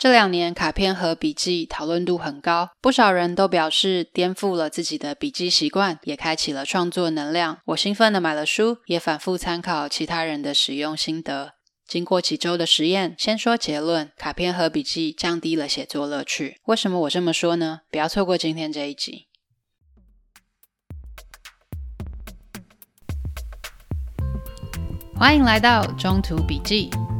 這兩年，卡片盒筆記討論度很高，不少人都表示顛覆了自己的筆記習慣，也開啟了創作能量。我興奮的買了書，也反覆參考其他人的使用心得。經過幾周的實驗，先說結論：卡片盒筆記降低了寫作樂趣。為什麼我這麼說呢？不要錯過今天這一集。歡迎來到中途筆記。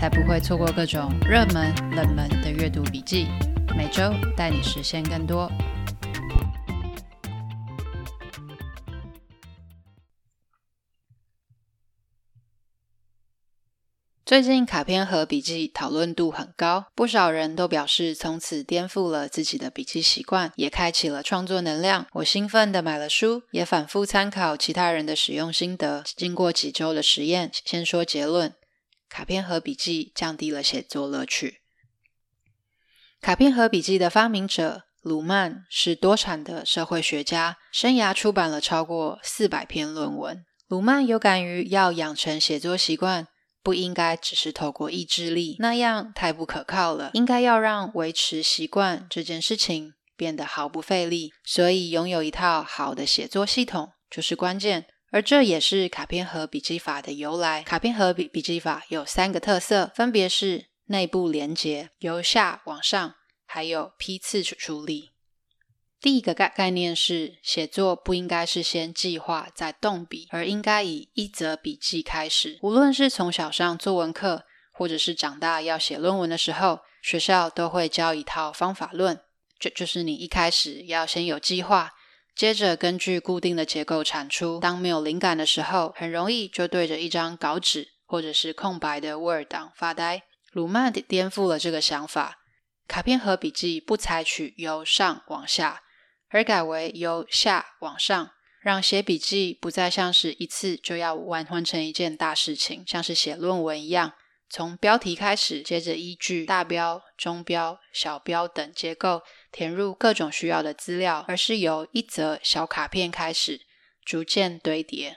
才不會錯過各種熱門、冷門的閱讀筆記，每周帶你實現更多。最近卡片盒筆記討論度很高，不少人都表示從此顛覆了自己的筆記習慣，也開啟了創作能量。我興奮地買了書，也反覆參考其他人的使用心得。經過幾周的實驗，先說結論。卡片盒筆記降低了寫作樂趣。卡片盒筆記的發明者魯曼是多產的社會學家，生涯出版了超過四百篇論文。魯曼有感於要養成寫作習慣，不應該只是透過意志力，那樣太不可靠了。應該要讓維持習慣這件事情變得毫不費力，所以擁有一套好的寫作系統就是關鍵。而這也是卡片盒筆記法的由來。卡片盒筆筆記法有三個特色，分別是內部連結，由下往上，還有批次處處理。第一個概概念是，寫作不應該是先計劃再動筆，而應該以一則筆記開始。無論是從小上作文課，或者是長大要寫論文的時候，學校都會教一套方法論，這就，就是你一開始要先有計劃。接着根據固定的結構產出。當沒有靈感的時候，很容易就對着一張稿紙或者是空白的 Word 檔發呆。魯曼顛覆了這個想法，卡片盒筆記不採取由上往下，而改為由下往上，讓寫筆記不再像是一次就要完成一件大事情，像是寫論文一樣，從標題開始，接着依據大標、中標、小標等結構。填入各種需要的資料，而是由一則小卡片開始，逐漸堆疊。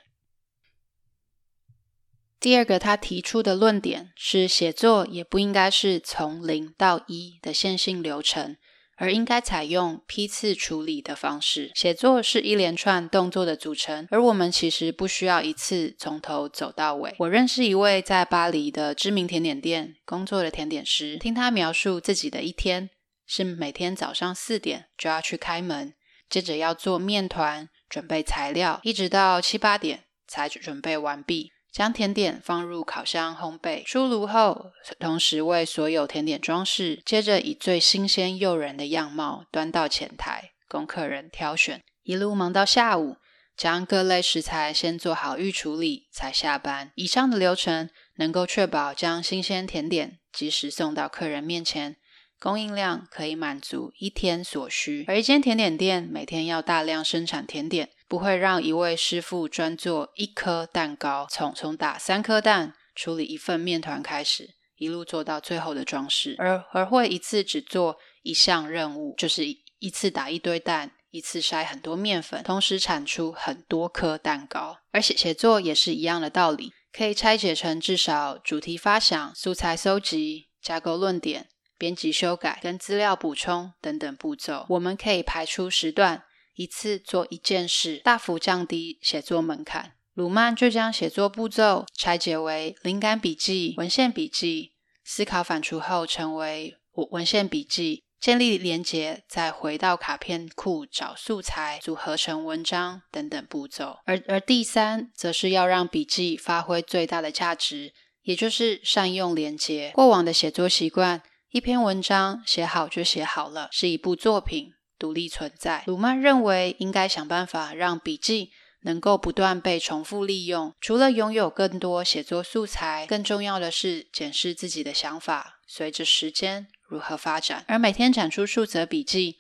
第二個他提出的論點是，寫作也不應該是從零到一的線性流程，而應該採用批次處理的方式。寫作是一連串動作的組成，而我們其實不需要一次從頭走到尾。我認識一位在巴黎的知名甜點店工作的甜點師，聽他描述自己的一天。是每天早上四點就要去開門，接着要做麵糰、準備材料，一直到七八點才準備完畢，將甜點放入烤箱烘焙，出爐後同時為所有甜點裝飾，接着以最新鮮誘人的樣貌端到前台供客人挑選，一路忙到下午，將各類食材先做好預處理才下班。以上的流程能夠確保將新鮮甜點及時送到客人面前。供應量可以滿足一天所需，而一間甜點店每天要大量生產甜點，不會讓一位師傅專做一顆蛋糕，從從打三顆蛋、處理一份麵團開始，一路做到最後的裝飾，而而會一次只做一項任務，就是一次打一堆蛋，一次篩很多麵粉，同時產出很多顆蛋糕。而寫寫作也是一樣的道理，可以拆解成至少主題發想、素材蒐集、架構論點。編輯修改跟資料補充等等步驟，我們可以排出時段，一次做一件事，大幅降低寫作門檻。魯曼就將寫作步驟拆解為靈感筆記、文獻筆記、思考反芻後成為文文獻筆記、建立連結，再回到卡片庫找素材，組合成文章等等步驟。而而第三，則是要讓筆記發揮最大的價值，也就是善用連結。過往的寫作習慣，一篇文章寫好就寫好了，是一部作品，獨立存在。魯曼認為，應該想辦法讓筆記能夠不斷被重複利用。除了擁有更多寫作素材，更重要的是檢視自己的想法，隨着時間如何發展。而每天展出數則筆記，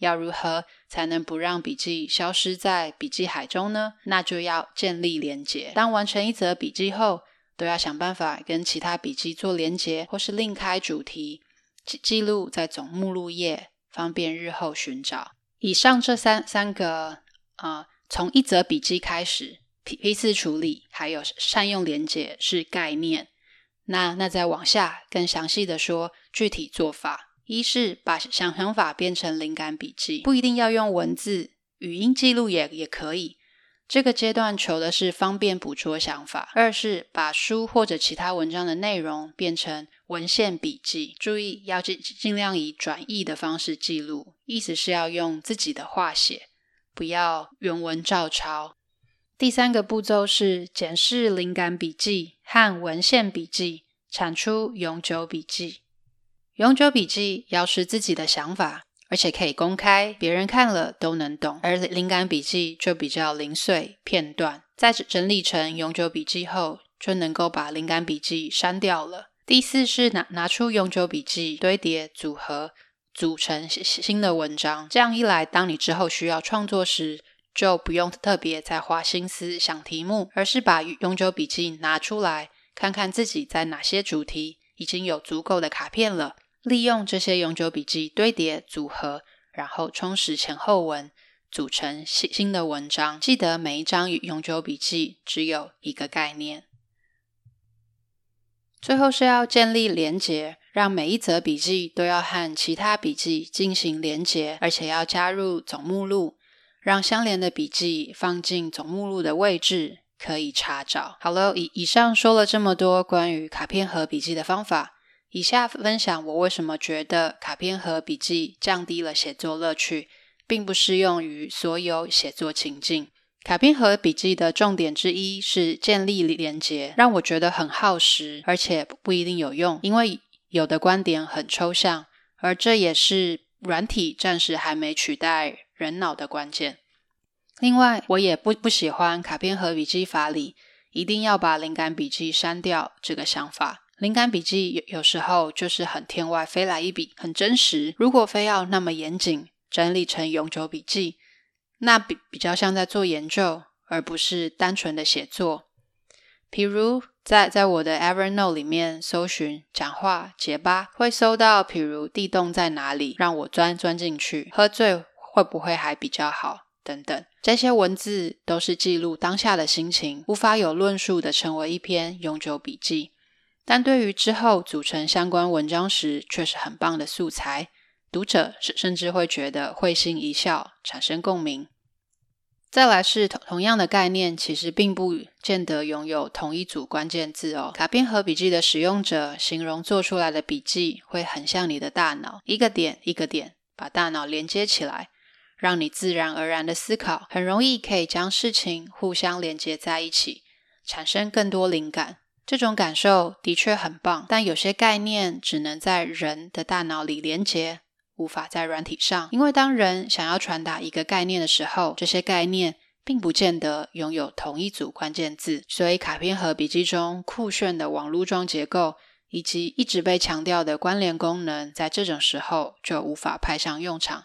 要如何才能不讓筆記消失在筆記海中呢？那就要建立連結。當完成一則筆記後，都要想辦法跟其他筆記做連結，或是另開主題。記記錄在總目錄頁，方便日後尋找。以上這三三個，呃，從一則筆記開始，批批次處理，還有善用連結是概念。那那再往下更詳細地說具體做法，一是把想想法變成靈感筆記，不一定要用文字，語音記錄也也可以。這個階段求的是方便捕捉想法。二是把書或者其他文章的內容變成文獻筆記，注意要儘儘量以轉譯的方式記錄，意思是要用自己的話寫，不要原文照抄。第三個步驟是檢視靈感筆記和文獻筆記，產出永久筆記。永久筆記要是自己的想法。而且可以公開，別人看了都能懂。而靈感筆記就比較零碎、片段，在整理成永久筆記後，就能夠把靈感筆記刪掉了。第四是拿拿出永久筆記堆疊組合，組成新新的文章。這樣一來，當你之後需要創作時，就不用特別再花心思想題目，而是把永久筆記拿出來，看看自己在哪些主題已經有足夠的卡片了。利用這些永久筆記堆疊組合，然後充實前後文，組成新的文章。記得每一張永久筆記只有一個概念。最後是要建立連結，讓每一則筆記都要和其他筆記進行連結，而且要加入總目錄，讓相連的筆記放進總目錄的位置，可以查找。好了，以以上說了這麼多關於卡片盒筆記的方法。以下分享我為什麼覺得卡片盒筆記降低了寫作樂趣，並不適用於所有寫作情境。卡片盒筆記的重點之一是建立連結，讓我覺得很耗時，而且不一定有用，因為有的觀點很抽象，而這也是軟體暫時還沒取代人腦的關鍵。另外，我也不不喜歡卡片盒筆記法裡一定要把靈感筆記刪掉這個想法。靈感筆記有有時候就是很天外飛來一筆，很真實。如果非要那麼嚴謹，整理成永久筆記，那比比較像在做研究，而不是單純的寫作。譬如在在我的 Evernote 裡面搜尋，講話結巴會搜到，譬如地洞在哪裡，讓我鑽鑽進去，喝醉會不會還比較好，等等。這些文字都是記錄當下的心情，無法有論述的成為一篇永久筆記。但對於之後組成相關文章時，卻是很棒的素材。讀者甚至會覺得會心一笑，產生共鳴。再來是同同樣的概念，其實並不見得擁有同一組關鍵字哦。卡片盒筆記的使用者形容做出來的筆記會很像你的大腦，一個點一個點把大腦連接起來，讓你自然而然的思考，很容易可以將事情互相連接在一起，產生更多靈感。這種感受的確很棒，但有些概念只能在人的大腦裡連接，無法在軟體上。因為當人想要傳達一個概念的時候，這些概念並不見得擁有同一組關鍵字，所以卡片盒筆記中酷炫的網路狀結構，以及一直被強調的關聯功能，在這種時候就無法派上用場。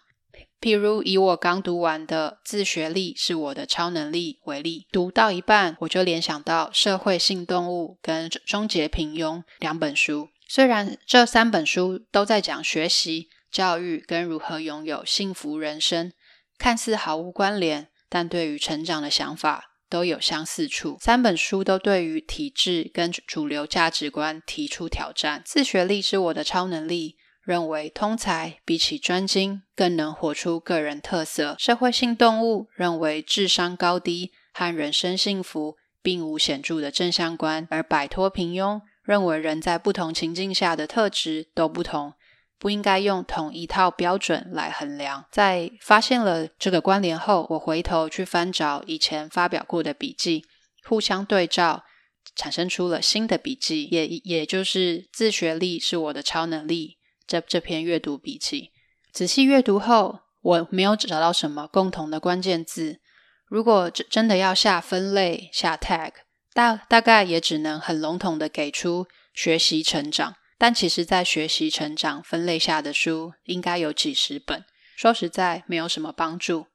譬如以我剛讀完的《自學力是我的超能力》為例，讀到一半我就聯想到《社會性動物》跟《終結平庸》兩本書。雖然這三本書都在講學習、教育跟如何擁有幸福人生，看似毫無關聯，但對於成長的想法都有相似處。三本書都對於體制跟主流價值觀提出挑戰，《自學力是我的超能力》，認為通才比起專精更能活出個人特色。《社會性動物》認為智商高低和人生幸福並無顯著的正相關。而擺脫平庸認為人在不同情境下的特質都不同，不應該用同一套標準來衡量。在發現了這個關聯後，我回頭去翻找以前發表過的筆記，互相對照，產生出了新的筆記，也也就是自學力是我的超能力。這這篇閱讀筆記，仔細閱讀後，我沒有找到什麼共同的關鍵字。如果真真的要下分類、下 tag，大大概也只能很籠統地給出“學習成長”。但其實，在“學習成長”分類下的書應該有幾十本，說實在，沒有什麼幫助。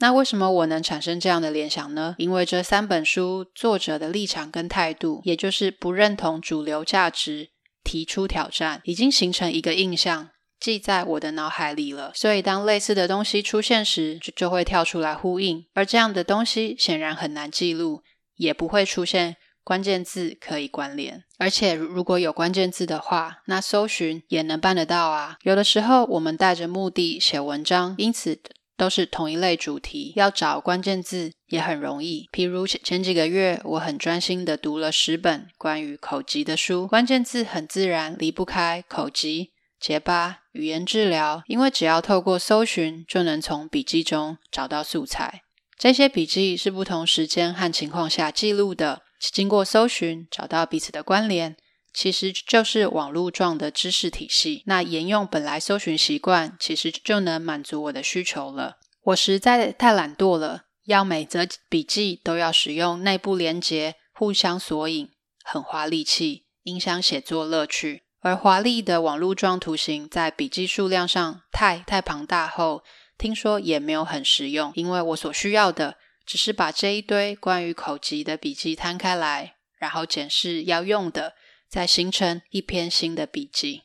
那為什麼我能產生這樣的聯想呢？因為這三本書作者的立場跟態度，也就是不認同主流價值。提出挑戰，已經形成一個印象，記在我的腦海裡了。所以，當類似的東西出現時，就就會跳出來呼應。而這樣的東西顯然很難記錄，也不會出現關鍵字可以關聯。而且，如果有關鍵字的話，那搜尋也能辦得到啊。有的時候，我們帶着目的寫文章，因此。都是同一類主題，要找關鍵字也很容易。譬如前，前幾個月，我很專心的讀了十本關於口吃的書，關鍵字很自然離不開口吃、結巴、語言治療。因為只要透過搜尋，就能從筆記中找到素材。這些筆記是不同時間和情況下記錄的，經過搜尋找到彼此的關聯。其實就是網路狀的知識體系，那沿用本來搜尋習慣，其實就能滿足我的需求了。我實在太懶惰了，要每則筆記都要使用內部連結互相索引，很花力氣，影響寫作樂趣。而華麗的網路狀圖形，在筆記數量上太太龐大後，聽說也沒有很實用，因為我所需要的只是把這一堆關於口籍的筆記攤開來，然後檢視要用的。再形成一篇新的筆記。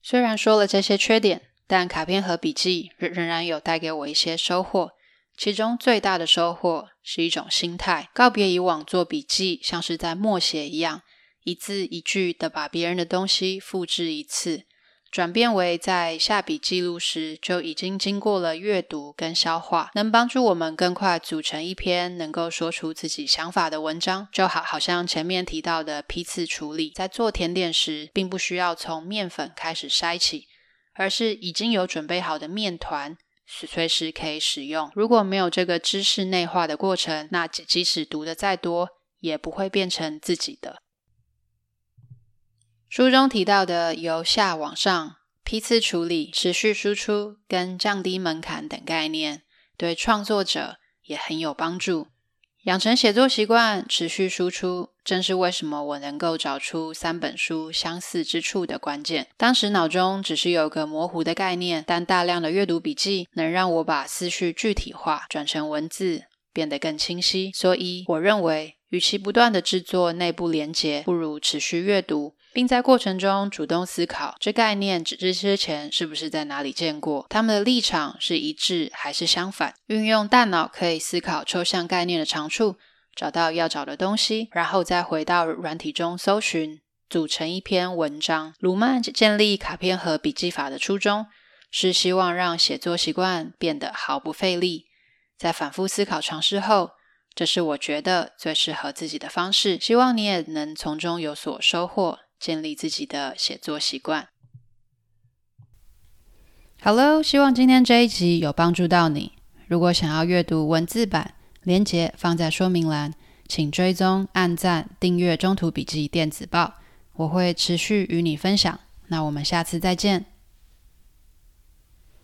雖然說了這些缺點，但卡片盒筆記仍然有帶給我一些收穫。其中最大的收穫是一種心態，告別以往做筆記像是在默寫一樣，一字一句的把別人的東西複製一次。轉變為在下筆記錄時就已經經過了閱讀跟消化，能幫助我們更快組成一篇能夠說出自己想法的文章，就好好像前面提到的批次處理，在做甜點時，並不需要從麵粉開始篩起，而是已經有準備好的麵糰，隨，隨時可以使用。如果沒有這個知識內化的過程，那即使讀得再多，也不會變成自己的。書中提到的由下往上、批次處理、持續輸出跟降低門檻等概念，對創作者也很有幫助。養成寫作習慣、持續輸出，正是為什麼我能夠找出三本書相似之處的關鍵。當時腦中只是有個模糊的概念，但大量的閱讀筆記能讓我把思緒具體化，轉成文字，變得更清晰。所以，我認為。與其不斷的製作內部連結，不如持續閱讀，並在過程中主動思考，這概念只是之前是不是在哪裡見過？他們的立場是一致還是相反？運用大腦可以思考抽象概念的長處，找到要找的東西，然後再回到軟體中搜尋，組成一篇文章。魯曼建立卡片盒筆記法的初衷是希望讓寫作習慣變得毫不費力，在反覆思考嘗試後，這是我覺得最適合自己的方式，希望你也能從中有所收穫，建立自己的寫作習慣。Hello，希望今天這一集有幫助到你。如果想要閱讀文字版，連結放在說明欄，請追蹤、按讚、訂閱《中途筆記電子報》，我會持續與你分享。那我們下次再見。